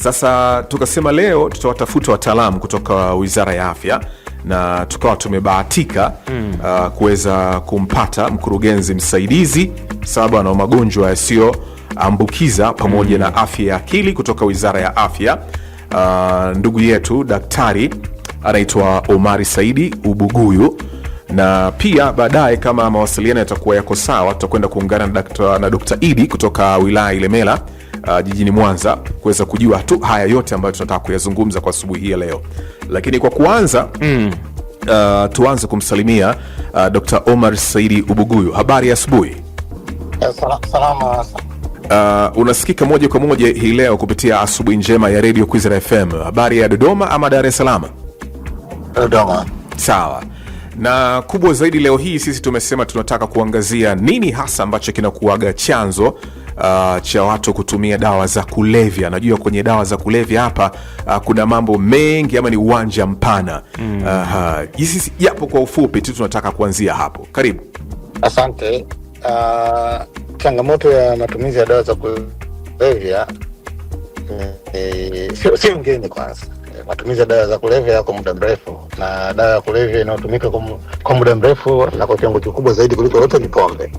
Sasa tukasema leo tutawatafuta wataalamu kutoka Wizara ya Afya na tukawa tumebahatika mm. uh, kuweza kumpata mkurugenzi msaidizi sababu ana magonjwa yasiyoambukiza pamoja mm. na afya ya akili kutoka Wizara ya Afya uh, ndugu yetu daktari anaitwa Omari Saidi Ubuguyu na pia baadaye kama mawasiliano yatakuwa yako sawa, tutakwenda kuungana na Dr. Idi kutoka wilaya Ilemela uh, jijini Mwanza kuweza kujua tu haya yote ambayo tunataka kuyazungumza kwa asubuhi hii ya leo, lakini kwa kuanza mm. uh, tuanze kumsalimia uh, Dr. Omar Saidi Ubuguyu. Habari ya asubuhi. Uh, unasikika moja kwa moja hii leo kupitia asubuhi njema ya Radio Kwizera FM. Habari ya Dodoma ama Dar es Salaam? Dodoma. Sawa. Na kubwa zaidi leo hii sisi tumesema tunataka kuangazia nini hasa ambacho kinakuaga chanzo uh, cha watu kutumia dawa za kulevya. Najua kwenye dawa za kulevya hapa uh, kuna mambo mengi ama ni uwanja mpana mm. uh, japo kwa ufupi tu tunataka kuanzia hapo. Karibu. Asante. Uh, changamoto ya matumizi ya dawa za kulevya eh, sio si ngeni kwanza eh, matumizi ya dawa za kulevya kwa muda mrefu, na dawa ya kulevya inayotumika kwa muda mrefu na kwa kiwango kikubwa zaidi kuliko yote ni pombe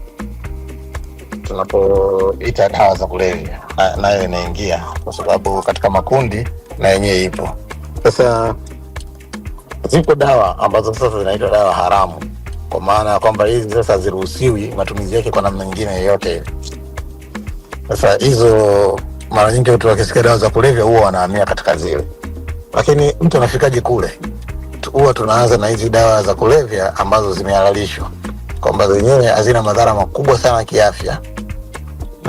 tunapoita dawa za kulevya nayo na inaingia, kwa sababu katika makundi na yenyewe ipo. Sasa ziko dawa ambazo sasa zinaitwa dawa haramu, kwa maana ya kwamba hizi sasa haziruhusiwi matumizi yake kwa namna nyingine yeyote Sasa hizo mara nyingi watu wakisikia dawa za kulevya huwa wanahamia katika zile, lakini mtu anafikaji kule? Huwa tunaanza na hizi dawa za kulevya ambazo zimehalalishwa, kwamba zenyewe hazina madhara makubwa sana kiafya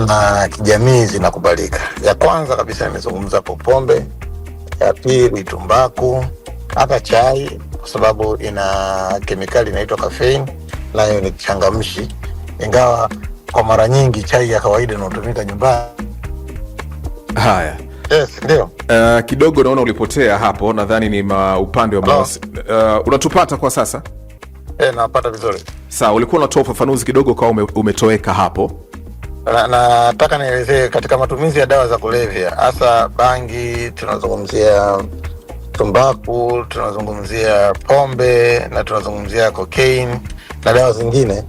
na kijamii zinakubalika. Ya kwanza kabisa imezungumza po pombe, ya pili tumbaku, hata chai kwa sababu ina kemikali inaitwa kafein, nayo ni changamshi, ingawa kwa mara nyingi chai ya kawaida inaotumika nyumbani. Haya, yes, ndio. Uh, kidogo naona ulipotea hapo, nadhani ni upande wa mawasi. Uh, eh, unatupata kwa sasa? E, eh, napata vizuri. Sawa, ulikuwa unatoa ufafanuzi kidogo, kwa ume, umetoweka hapo. Nataka na, nielezee katika matumizi ya dawa za kulevya, hasa bangi, tunazungumzia tumbaku, tunazungumzia pombe na tunazungumzia cocaine na dawa zingine.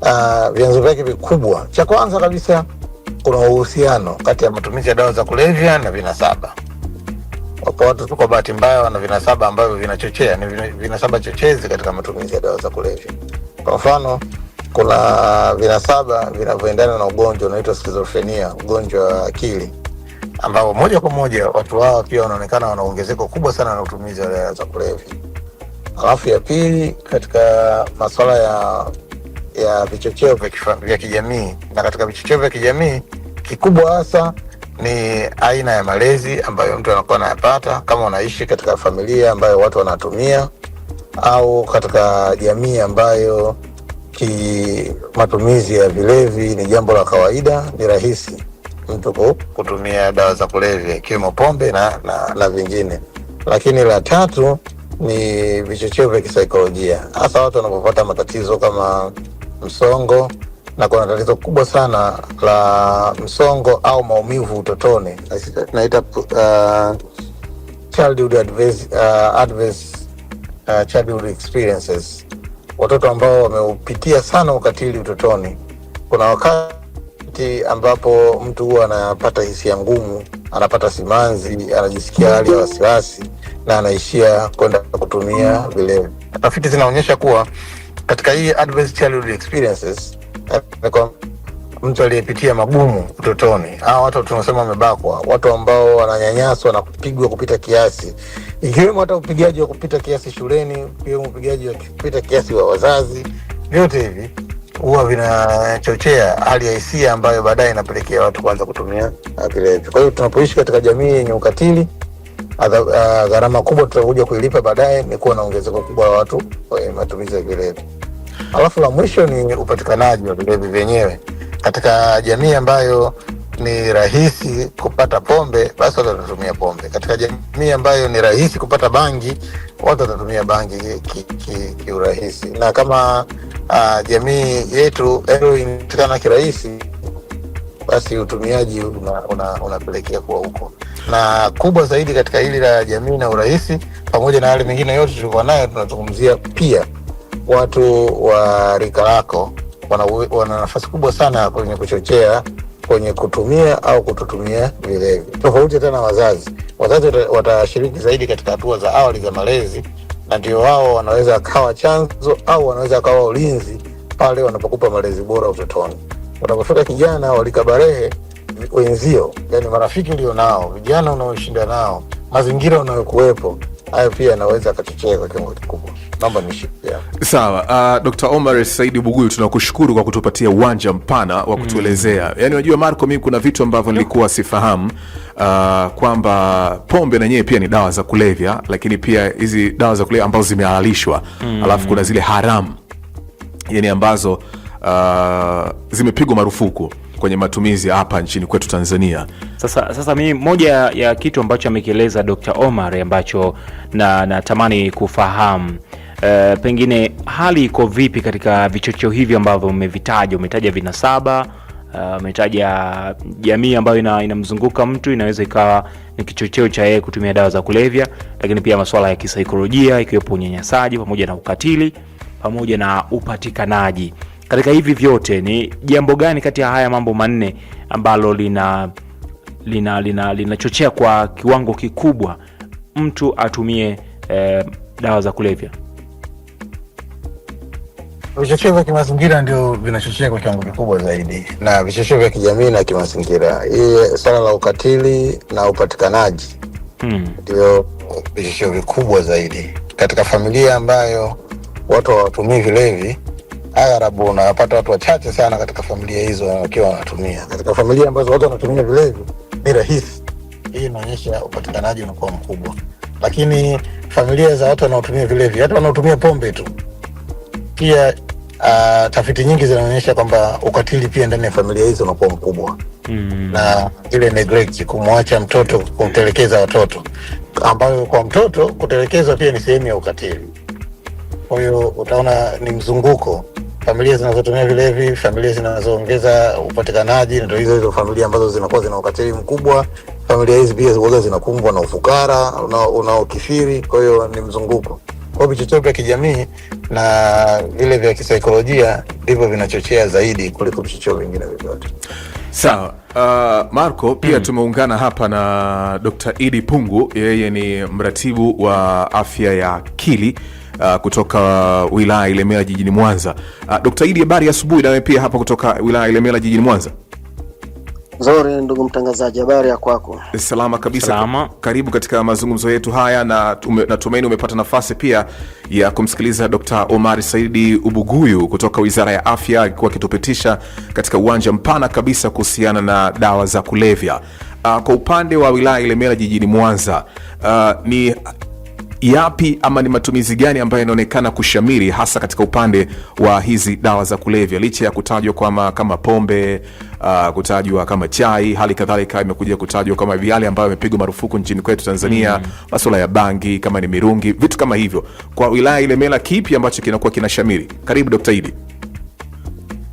Uh, vyanzo vyake vikubwa, cha kwanza kabisa, kuna uhusiano kati ya matumizi ya dawa za kulevya na vinasaba. wapo watu tu kwa bahati mbaya wana vinasaba ambavyo vinachochea, ni vinasaba chochezi katika matumizi ya dawa za kulevya. Kwa mfano kuna vinasaba vinavyoendana na ugonjwa unaitwa skizofrenia, ugonjwa wa akili, ambao moja kwa moja watu hawa pia wanaonekana wana ongezeko kubwa sana na utumizi wa dawa za kulevya. Alafu ya pili, katika masuala ya ya vichocheo vya kijamii, na katika vichocheo vya kijamii kikubwa hasa ni aina ya malezi ambayo mtu anakuwa anayapata, kama unaishi katika familia ambayo watu wanatumia au katika jamii ambayo ki matumizi ya vilevi ni jambo la kawaida, ni rahisi mtu kutumia dawa za kulevya ikiwemo pombe na, na, na vingine. Lakini la tatu ni vichocheo vya kisaikolojia, hasa watu wanapopata matatizo kama msongo na kuna tatizo kubwa sana la msongo au maumivu utotoni, naita uh, childhood adverse, uh, adverse, uh, childhood experiences watoto ambao wameupitia sana ukatili utotoni. Kuna wakati ambapo mtu huwa anapata hisia ngumu, anapata simanzi, anajisikia hali ya wasiwasi na anaishia kwenda kutumia vileo. Tafiti zinaonyesha kuwa katika hii adverse childhood experiences eh, mtu aliyepitia magumu utotoni, hawa watu tunasema wamebakwa, watu ambao wananyanyaswa na kupigwa kupita kiasi, ikiwemo hata upigaji wa kupita kiasi shuleni, ikiwemo upigaji wa kupita kiasi wa wazazi, vyote hivi huwa vinachochea hali ya hisia ambayo baadaye inapelekea watu kuanza kutumia vilevi. Kwa hiyo tunapoishi katika jamii yenye ukatili, ah, gharama kubwa tutakuja kuilipa baadaye ni kuwa na ongezeko kubwa la watu kwenye matumizi ya vilevi. Alafu la mwisho ni upatikanaji wa vilevi vyenyewe. Katika jamii ambayo ni rahisi kupata pombe, basi watu watatumia pombe. Katika jamii ambayo ni rahisi kupata bangi, watu watatumia bangi kiurahisi ki, ki, na kama uh, jamii yetu inapatikana kirahisi, basi utumiaji unapelekea una, una kuwa huko na kubwa zaidi katika hili la jamii na urahisi, pamoja na hali mengine yote tulikuwa nayo, tunazungumzia pia watu wa rika lako wana, wana nafasi kubwa sana kwenye kuchochea kwenye kutumia au kutotumia vilevi, tofauti tena wazazi. Wazazi watashiriki zaidi katika hatua za awali za malezi, na ndio wao wanaweza akawa chanzo au wanaweza akawa ulinzi pale wanapokupa malezi bora utotoni. Unapofika kijana walikabarehe wenzio, yani marafiki ulionao, vijana unaoshinda nao, mazingira unayokuwepo hayo pia yanaweza akachochea kwa kiwango kikubwa Sawa. Uh, ah, Dr. Omar Saidi Buguyu tunakushukuru kwa kutupatia uwanja mpana wa mm. kutuelezea mm. Yani unajua Marco, mimi kuna vitu ambavyo nilikuwa sifahamu uh, kwamba pombe nanyewe pia ni dawa za kulevya, lakini pia hizi dawa za kulevya ambazo zimehalalishwa mm. alafu kuna zile haramu yani ambazo uh, zimepigwa marufuku kwenye matumizi hapa nchini kwetu Tanzania. Sasa, sasa mimi moja ya kitu ambacho amekieleza Dr. Omar ambacho na natamani kufahamu Uh, pengine hali iko vipi katika vichocheo hivi ambavyo umevitaja, umetaja vinasaba eh, umetaja uh, jamii ambayo ina, inamzunguka mtu inaweza ikawa ni kichocheo cha yeye kutumia dawa za kulevya, lakini pia masuala ya kisaikolojia ikiwepo unyanyasaji pamoja na ukatili pamoja na upatikanaji katika hivi vyote ni jambo gani kati ya haya mambo manne ambalo lina linachochea lina, lina kwa kiwango kikubwa mtu atumie eh, dawa za kulevya? Vichocheo vya kimazingira ndio vinachochea kwa kiwango kikubwa zaidi, na vichocheo vya kijamii na kimazingira. Hii swala la ukatili na upatikanaji hmm. ndio hmm, vichocheo vikubwa zaidi katika familia ambayo watu hawatumii vilevi agarabu unapata watu wachache sana katika familia hizo wakiwa wanatumia. Katika familia ambazo watu wanatumia vilevi ni rahisi, hii inaonyesha upatikanaji unakuwa mkubwa, lakini familia za watu wanaotumia vilevi, hata wanaotumia pombe tu pia Uh, tafiti nyingi zinaonyesha kwamba ukatili pia ndani ya familia hizo unakuwa mkubwa hmm. Na ile neglect kumwacha mtoto, kumtelekeza watoto, ambayo kwa mtoto kutelekezwa pia ni sehemu ya ukatili. Kwa hiyo utaona ni mzunguko familia zinazotumia vilevi, familia zinazoongeza upatikanaji, ndo hizo hizo familia ambazo zinakuwa zina ukatili mkubwa. Familia hizi pia huwaga zinakumbwa na ufukara una kwa hiyo ni mzunguko. Kwa hiyo vichocheo vya kijamii na vile vya kisaikolojia ndivyo vinachochea zaidi kuliko vichocheo vingine vyovyote. Sawa. Uh, Marco pia mm, tumeungana hapa na Dr. Idi Pungu, yeye ni mratibu wa afya ya akili uh, kutoka wilaya Ilemela jijini Mwanza. Uh, Dkt. Idi, habari asubuhi nawe pia hapa kutoka wilaya Ilemela jijini Mwanza. Nzuri ndugu mtangazaji, habari ya kwako? Salama kabisa. Salama. Karibu katika mazungumzo yetu haya na tume, natumaini umepata nafasi pia ya kumsikiliza Dkt. Omar Saidi Ubuguyu kutoka Wizara ya Afya akikuwa akitupitisha katika uwanja mpana kabisa kuhusiana na dawa za kulevya. Uh, kwa upande wa wilaya Ilemela jijini Mwanza, uh, ni yapi ama ni matumizi gani ambayo yanaonekana kushamiri hasa katika upande wa hizi dawa za kulevya, licha ya kutajwa kama, kama pombe uh, kutajwa kama chai, hali kadhalika imekuja kutajwa kama yale ambayo yamepigwa marufuku nchini kwetu Tanzania, mm-hmm. masuala ya bangi kama ni mirungi, vitu kama hivyo. Kwa wilaya Ilemela, kipi ambacho kinakuwa kinashamiri? Karibu Dr. Idi.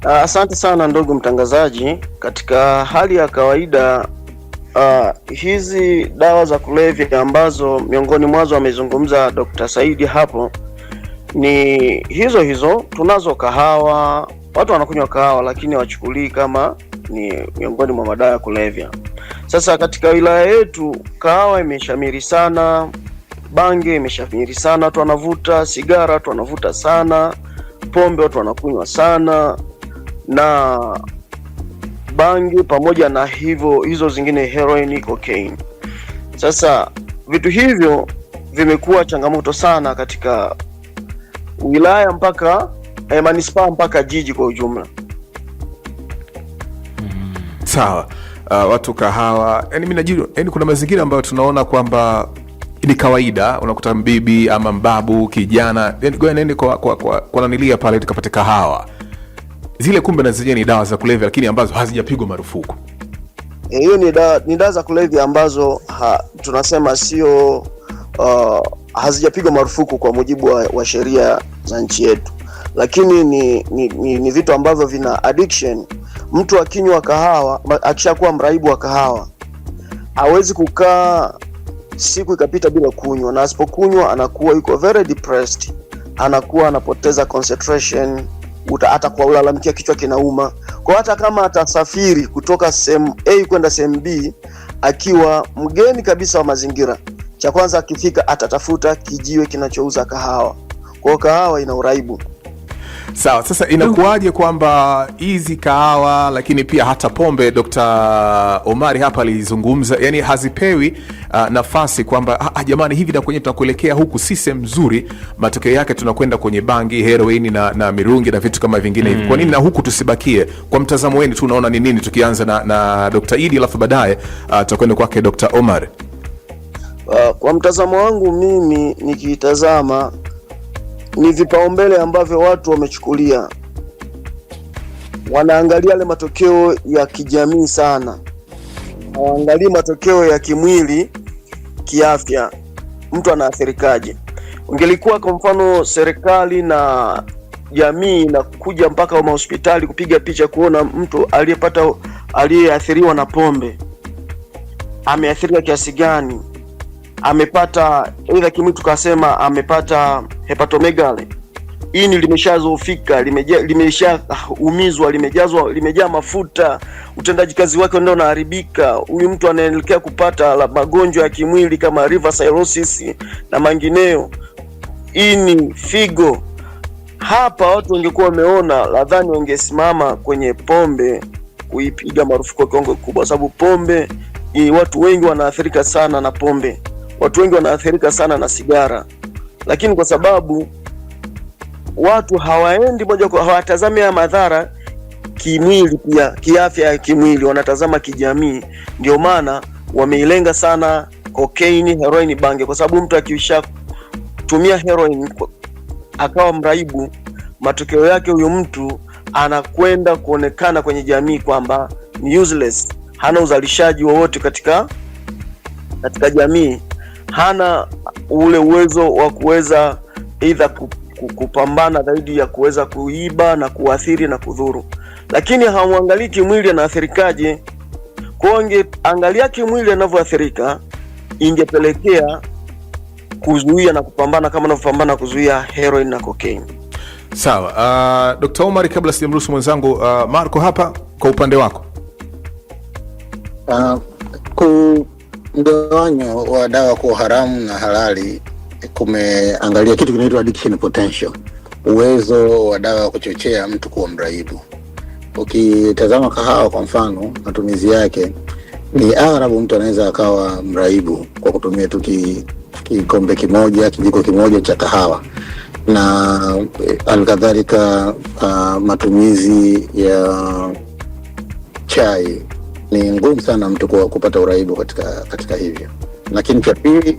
Ah, asante sana ndugu mtangazaji. Katika hali ya kawaida uh, hizi dawa za kulevya ambazo miongoni mwazo amezungumza Dr. Saidi hapo ni hizo hizo. Tunazo kahawa, watu wanakunywa kahawa lakini hawachukulii kama ni miongoni mwa madawa ya kulevya. Sasa katika wilaya yetu kahawa imeshamiri sana, bange imeshamiri sana, watu wanavuta sigara, watu wanavuta sana, pombe watu wanakunywa sana na bangi pamoja na hivyo hizo zingine heroin, cocaine. Sasa vitu hivyo vimekuwa changamoto sana katika wilaya mpaka eh, manispaa mpaka jiji kwa ujumla. Mm, sawa. Uh, watu kahawa, yani mimi najua, yani kuna mazingira ambayo tunaona kwamba ni kawaida unakuta mbibi ama mbabu kijana, yani kwa kwa kwa, kwa nanilia pale tukapata kahawa zile kumbe na zenyewe ni dawa za kulevya, lakini ambazo hazijapigwa marufuku. Eh, hiyo ni dawa ni dawa za kulevya ambazo ha, tunasema sio uh, hazijapigwa marufuku kwa mujibu wa, wa sheria za nchi yetu, lakini ni, ni, ni, ni vitu ambavyo vina addiction. Mtu akinywa kahawa, akishakuwa mraibu wa kahawa hawezi kukaa siku ikapita bila kunywa, na asipokunywa anakuwa yuko very depressed, anakuwa anapoteza concentration atakuwa ulalamikia kichwa kinauma. Kwa hata kama atasafiri kutoka sehemu A kwenda sehemu B akiwa mgeni kabisa wa mazingira, cha kwanza akifika atatafuta kijiwe kinachouza kahawa, kwao kahawa ina uraibu. Sawa, sasa inakuwaje kwamba hizi kahawa lakini pia hata pombe, Dr. Omari hapa alizungumza, yani hazipewi uh, nafasi kwamba ah, ah, jamani, hivi na kwenye tunakuelekea huku si sehemu nzuri, matokeo yake tunakwenda kwenye bangi, heroini na, na mirungi na vitu kama vingine hivi mm. Kwa nini na huku tusibakie? Kwa mtazamo wenu tu unaona ni nini, tukianza na, na Dr. Idi alafu baadaye uh, tutakwenda kwake d Omar. Uh, kwa mtazamo wangu mimi nikitazama ni vipaumbele ambavyo watu wamechukulia, wanaangalia yale matokeo ya kijamii sana, hawaangalii matokeo ya kimwili, kiafya, mtu anaathirikaje. Ungelikuwa kwa mfano serikali na jamii kuja mpaka mahospitali kupiga picha kuona mtu aliyepata aliyeathiriwa na pombe ameathirika kiasi gani amepata aidha kimwili, tukasema amepata hepatomegaly, ini limeshazofika, limeshaumizwa, ah, limejazwa, limejaa mafuta, utendaji kazi wake ndio unaharibika. Huyu mtu anaelekea kupata magonjwa ya kimwili kama river cirrhosis na mangineo, ini, figo. Hapa watu wangekuwa wameona, ladhani wangesimama kwenye pombe kuipiga marufuku kwa kiwango kikubwa, sababu pombe watu wengi wanaathirika sana na pombe watu wengi wanaathirika sana na sigara, lakini kwa sababu watu hawaendi moja kwa hawatazami haya madhara kimwili, pia kiafya ya kimwili, wanatazama kijamii. Ndio maana wameilenga sana kokaini, heroin, bange, kwa sababu mtu tumia heroin akawa mraibu, matokeo yake huyo mtu anakwenda kuonekana kwenye jamii kwamba ni useless, hana uzalishaji wowote katika katika jamii hana ule uwezo wa kuweza aidha kupambana zaidi ya kuweza kuiba na kuathiri na kudhuru, lakini hamwangalii kimwili anaathirikaje. Kwa hiyo angalia kimwili anavyoathirika, ingepelekea kuzuia na kupambana kama anavyopambana kuzuia heroin na cocaine. Sawa. Uh, ah, Dr. Omar, kabla sijamruhusu mwenzangu uh, Marco hapa, kwa upande wako uh, ku mgawanyo wa dawa kuwa haramu na halali kumeangalia kitu kinaitwa addiction potential, uwezo wa dawa kuchochea mtu kuwa mraibu. Ukitazama kahawa kwa mfano, matumizi yake ni arabu mtu anaweza akawa mraibu kwa kutumia tu kikombe kimoja, kijiko kimoja cha kahawa na eh, alkadhalika, uh, matumizi ya chai ni ngumu sana mtu kupata uraibu katika, katika hivyo. Lakini cha pili,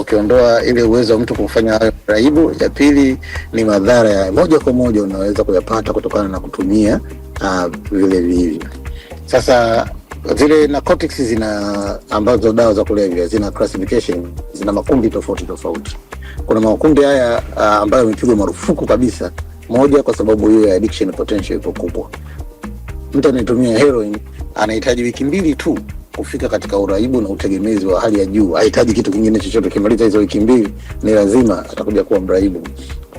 ukiondoa ile uwezo wa mtu hayo uraibu, ya pili ni madhara ya moja kwa moja unaweza kuyapata kutokana na kutumia uh, vile vilivyo. Sasa zile narcotics zina ambazo dawa za kulevya zina classification, zina makundi tofauti tofauti. Kuna makundi haya ah, ambayo yamepigwa marufuku kabisa, moja kwa sababu hiyo ya addiction potential ipo kubwa. Mtu anayetumia heroin anahitaji wiki mbili tu kufika katika uraibu na utegemezi wa hali ya juu. ahitaji kitu kingine chochote, kimaliza hizo wiki mbili ni lazima atakuja kuwa mraibu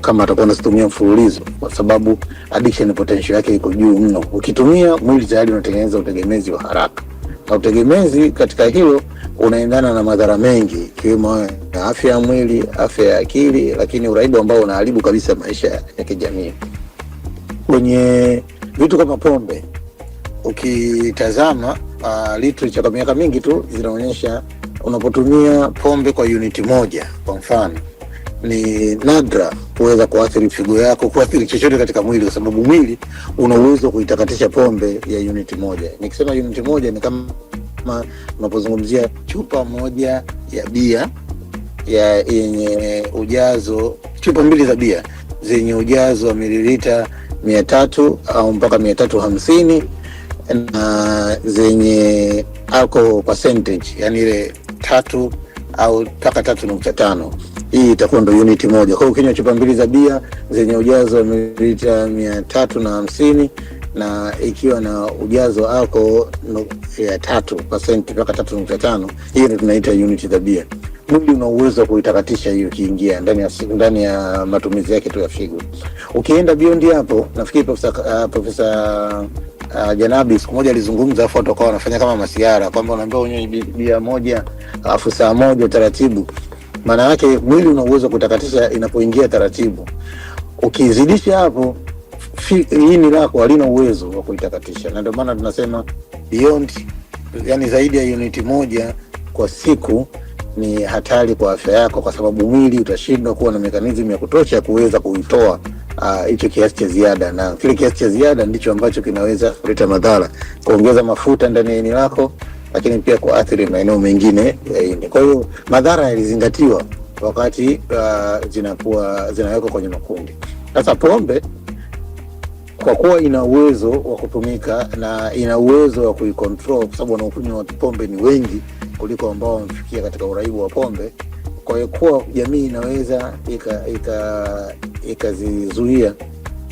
kama atakuwa anazitumia mfululizo, kwa sababu addiction potential yake iko juu mno. Ukitumia mwili tayari unatengeneza utegemezi wa haraka, na utegemezi katika hilo unaendana na madhara mengi, ikiwemo afya ya mwili, afya ya akili, lakini uraibu ambao unaharibu kabisa maisha ya kijamii. Kwenye vitu kama pombe ukitazama uh, literature kwa miaka mingi tu zinaonyesha unapotumia pombe kwa uniti moja, kwa mfano, ni nadra kuweza kuathiri figo yako, kuathiri chochote katika mwili, kwa sababu mwili una uwezo wa kuitakatisha pombe ya uniti moja. Nikisema uniti moja ni kama unapozungumzia chupa moja ya bia ya yenye ujazo, chupa mbili za bia zenye ujazo wa mililita mia tatu au mpaka mia tatu hamsini na zenye alcohol percentage, yani ile tatu au mpaka tatu nukta tano. Hii itakuwa ndo uniti moja. Kwa ukinywa chupa mbili za bia zenye ujazo wa mililita mia tatu na hamsini na ikiwa na ujazo wa ya tatu pasenti mpaka tatu nukta tano, hiyo ndo tunaita uniti za bia. Mwili una uwezo wa kuitakatisha hiyo ikiingia ndani ya, ndani ya matumizi yake tu ya figo. Ukienda beyond hapo, nafikiri profesa uh, uh, Janabi siku moja alizungumza, afu watu wakawa wanafanya kama masiara kwamba unaambiwa unywe bia moja alafu saa moja taratibu. Maana yake mwili una uwezo kutakatisha inapoingia taratibu, ukizidisha hapo ini lako halina uwezo wa kuitakatisha, na ndio maana tunasema beyond, yani zaidi ya uniti moja kwa siku ni hatari kwa afya yako, kwa sababu mwili utashindwa kuwa na mekanizmu ya kutosha ya kuweza kuitoa Uh, hicho uh, kiasi cha ziada, na kile kiasi cha ziada ndicho ambacho kinaweza kuleta madhara, kuongeza mafuta ndani ya ini lako, lakini pia kuathiri maeneo mengine ya ini. Kwa hiyo madhara yalizingatiwa wakati uh, zinakuwa zinawekwa kwenye makundi. Sasa pombe kwa kuwa ina uwezo wa kutumika na ina uwezo wa kuikontrol, kwa sababu wanaokunywa pombe ni wengi kuliko ambao wamefikia katika uraibu wa pombe. Kwa hiyo kuwa jamii inaweza ikazizuia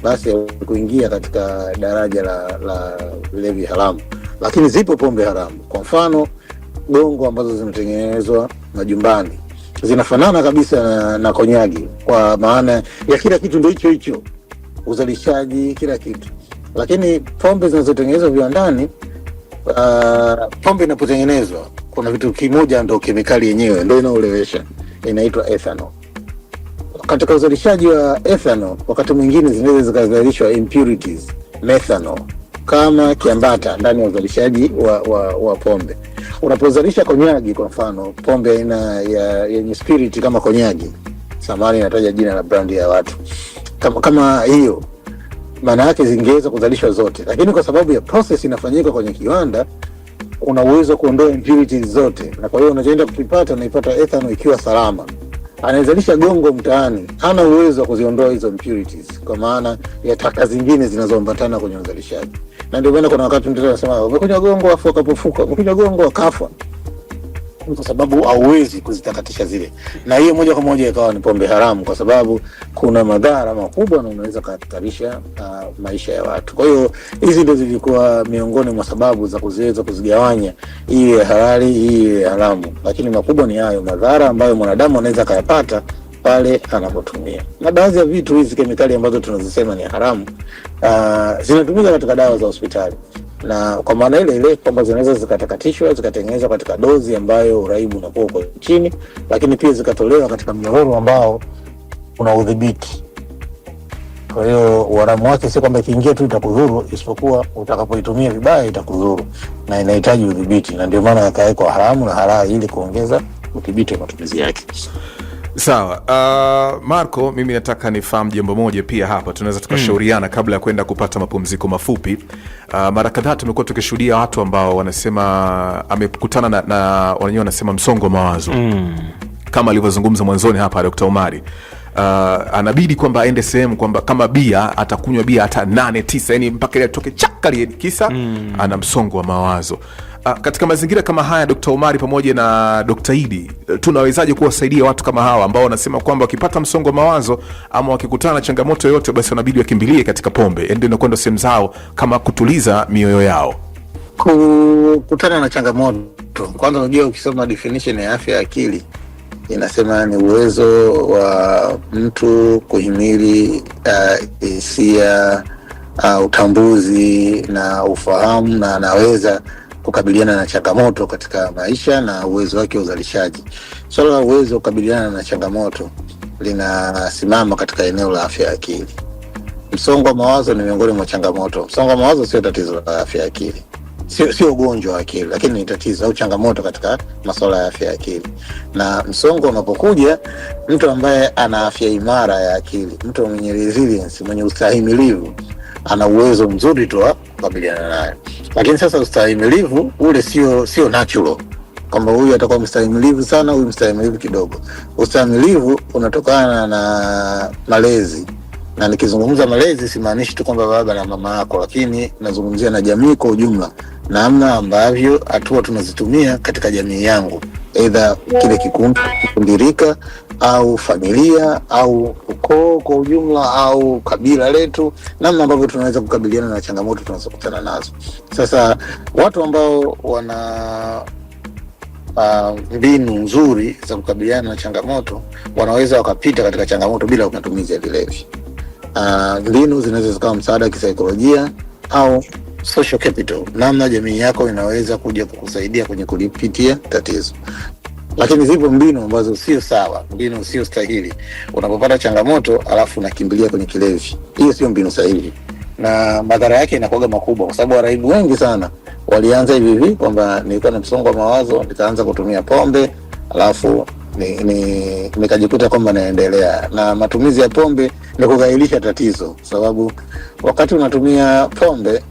basi kuingia katika daraja la, la levi haramu. Lakini zipo pombe haramu, kwa mfano gongo ambazo zimetengenezwa majumbani zinafanana kabisa na, na konyagi kwa maana ya kila kitu ndo hicho hicho, uzalishaji kila kitu. Lakini pombe zinazotengenezwa viwandani uh, pombe inapotengenezwa kuna vitu kimoja ndo kemikali yenyewe ndo inaolewesha inaitwa ethanol katika uzalishaji wa ethanol, wakati mwingine zinaweza zikazalishwa impurities methanol kama kiambata ndani ya uzalishaji wa, wa, wa pombe. Unapozalisha konyagi, kwa mfano pombe aina ya yenye spirit kama konyagi, samani inataja jina la brandi ya watu kama, kama hiyo maana yake zingeweza kuzalishwa zote, lakini kwa sababu ya process inafanyika kwenye kiwanda, una uwezo kuondoa impurities zote, na kwa hiyo unachoenda kukipata unaipata ethanol ikiwa salama anawezalisha gongo mtaani hana uwezo wa kuziondoa hizo impurities, kwa maana ya taka zingine zinazoambatana kwenye uzalishaji. Na ndio maana kuna wakati mtoto anasema umekunywa gongo afu akapofuka, umekunywa gongo akafa kwa sababu hauwezi kuzitakatisha zile, na hiyo moja kwa moja ikawa ni pombe haramu, kwa sababu kuna madhara makubwa na unaweza kuhatarisha uh, maisha ya watu. Kwa hiyo hizi ndio zilikuwa miongoni mwa sababu za kuziweza kuzigawanya, hii halali, hii haramu, lakini makubwa ni hayo madhara ambayo mwanadamu anaweza akayapata pale anapotumia. Na baadhi ya vitu hizi kemikali ambazo tunazisema ni haramu, uh, zinatumika katika dawa za hospitali na kwa maana ile ile kwamba zinaweza zikatakatishwa zikatengenezwa katika dozi ambayo uraibu unakuwa uko chini, lakini pia zikatolewa katika mnyororo ambao una udhibiti. Kwa hiyo uharamu wake si kwamba ikiingia tu itakudhuru, isipokuwa utakapoitumia vibaya itakudhuru na inahitaji udhibiti, na ndio maana yakawekwa haramu na halali ili kuongeza udhibiti wa matumizi yake. Sawa. Uh, Marco, mimi nataka nifahamu jambo moja pia hapa, tunaweza tukashauriana mm, kabla ya kwenda kupata mapumziko mafupi. Uh, mara kadhaa tumekuwa tukishuhudia watu ambao wanasema amekutana na, na wenyewe wanasema msongo wa mawazo mm, kama alivyozungumza mwanzoni hapa Dr. Omari Uh, anabidi kwamba aende sehemu kwamba kama bia atakunywa bia hata nane tisa, yani mpaka ile atoke chakali, yaani kisa mm, ana msongo wa mawazo. Ah, katika mazingira kama haya, Dkt. Omari pamoja na Dkt. Idi, eh, tunawezaje kuwasaidia watu kama hawa ambao wanasema kwamba wakipata msongo wa mawazo ama wakikutana na changamoto yoyote, basi wanabidi wakimbilie katika pombe, yaani ndio inakwenda sehemu zao kama kutuliza mioyo yao kukutana na changamoto. Kwanza unajua, ukisoma definition ya afya ya akili inasema ni uwezo wa mtu kuhimili eh, hisia uh, uh, utambuzi na ufahamu na anaweza kukabiliana na changamoto katika maisha na uwezo wake wa uzalishaji. Swala la uwezo wa kukabiliana na changamoto linasimama katika eneo la afya ya akili. Msongo wa mawazo ni miongoni mwa changamoto. Msongo wa mawazo sio tatizo la afya ya akili, sio sio ugonjwa wa akili, lakini ni tatizo au changamoto katika masuala ya afya ya akili. Na msongo unapokuja, mtu ambaye ana afya imara ya akili, mtu mwenye resilience, mwenye ustahimilivu ana uwezo mzuri tu wa kukabiliana nayo. Lakini sasa ustahimilivu ule sio sio natural kwamba huyu atakuwa mstahimilivu sana, huyu mstahimilivu kidogo. Ustahimilivu unatokana na malezi, na nikizungumza malezi simaanishi tu kwamba baba na mama yako, lakini nazungumzia na jamii kwa ujumla, namna ambavyo hatua tunazitumia katika jamii yangu, aidha kile kikundi kukundirika au familia au ukoo kwa ujumla au kabila letu, namna ambavyo tunaweza kukabiliana na changamoto tunazokutana nazo. Sasa watu ambao wana ah, mbinu uh, nzuri za kukabiliana na changamoto wanaweza wakapita katika changamoto bila matumizi ya vilevi. Ah, mbinu uh, zinaweza zikawa msaada wa kisaikolojia au social capital, namna jamii yako inaweza kuja kukusaidia kwenye kulipitia tatizo lakini zipo mbinu ambazo sio sawa, mbinu sio stahili. Unapopata changamoto alafu unakimbilia kwenye kilevi, hiyo sio mbinu sahihi, na madhara yake inakuwa makubwa, kwa sababu waraibu wengi sana walianza hivi hivi kwamba nilikuwa na msongo wa mawazo, nikaanza kutumia pombe alafu ni, ni, nikajikuta kwamba naendelea na matumizi ya pombe. Ni kughailisha tatizo, kwa sababu wakati unatumia pombe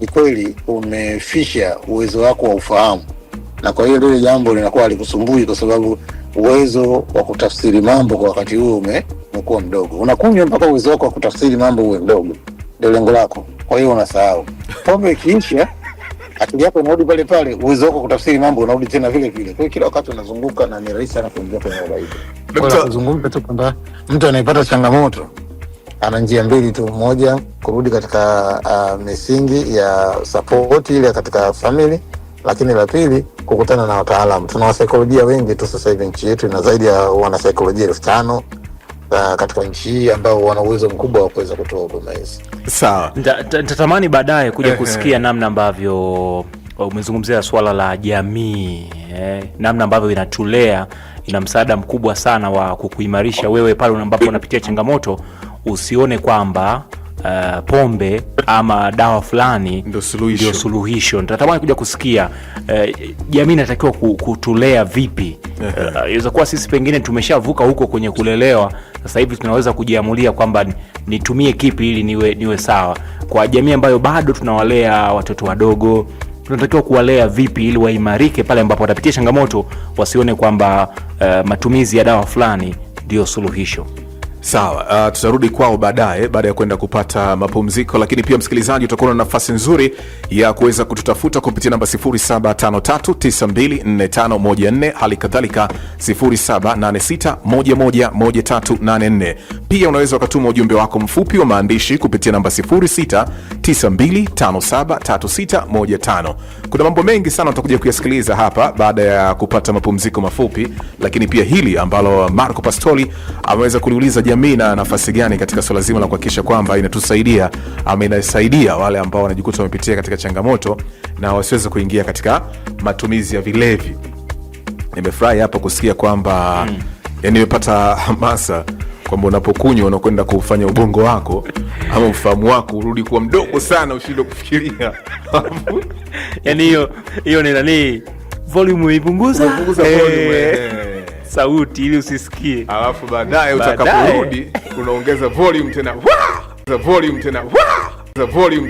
ni kweli umefisha uwezo wako wa ufahamu na kwa hiyo lile jambo linakuwa alikusumbui kwa sababu uwezo wa kutafsiri mambo kwa wakati huo umekuwa mdogo. Unakunywa mpaka uwezo wako wa kutafsiri mambo uwe mdogo, ndio lengo lako. Kwa hiyo unasahau. Pombe ikiisha, akili yako inarudi pale pale, uwezo wako wa kutafsiri mambo unarudi tena vile vile. Kwa hiyo kila wakati unazunguka na ni rahisi sana kuingia kwenye uraibu. Kuzungumza tu kwamba mtu anayepata changamoto ana njia mbili tu, moja kurudi katika uh, misingi ya sapoti ile katika famili lakini la pili kukutana na wataalamu. Tuna wasaikolojia wengi tu sasa hivi nchi yetu ina zaidi ya wanasaikolojia elfu tano Uh, katika nchi hii ambao wana uwezo mkubwa wa kuweza kutoa huduma hizi. Sawa, nitatamani baadaye kuja kusikia namna ambavyo uh, umezungumzia swala la jamii eh, namna ambavyo inatulea, ina msaada mkubwa sana wa kukuimarisha wewe pale ambapo unapitia changamoto, usione kwamba uh, pombe ama dawa fulani ndio suluhisho, suluhisho. Nitatamani kuja kusikia uh, jamii uh, inatakiwa kutulea vipi? Uh, inaweza uh, kuwa sisi pengine tumeshavuka huko kwenye kulelewa, sasa hivi tunaweza kujiamulia kwamba nitumie kipi ili niwe, niwe sawa. Kwa jamii ambayo bado tunawalea watoto wadogo tunatakiwa kuwalea vipi ili waimarike pale ambapo watapitia changamoto, wasione kwamba uh, matumizi ya dawa fulani ndio suluhisho. Sawa, uh, tutarudi kwao baadaye baada ya kwenda kupata mapumziko, lakini pia msikilizaji, utakuwa na nafasi nzuri ya kuweza kututafuta kupitia namba 0753924514 hali kadhalika 0786111384. Pia unaweza ukatuma ujumbe wako mfupi wa maandishi kupitia namba 0692573615. Kuna mambo mengi sana utakuja kuyasikiliza hapa baada ya kupata mapumziko mafupi, lakini pia hili ambalo Marco Pastoli ameweza kuliuliza jamii na nafasi gani katika swala zima la kuhakikisha kwamba inatusaidia ama inasaidia wale ambao wanajikuta wamepitia katika changamoto na wasiweze kuingia katika matumizi ya vilevi? Nimefurahi hapo kusikia kwamba mm. yani nimepata hamasa kwamba unapokunywa unakwenda kufanya ubongo wako ama ufahamu wako urudi kuwa mdogo sana, ushindwe kufikiria yani hiyo hiyo ni nanii volume ipunguza, sauti ili usisikie, alafu baadaye utakaporudi unaongeza volume tena, volume tena, volume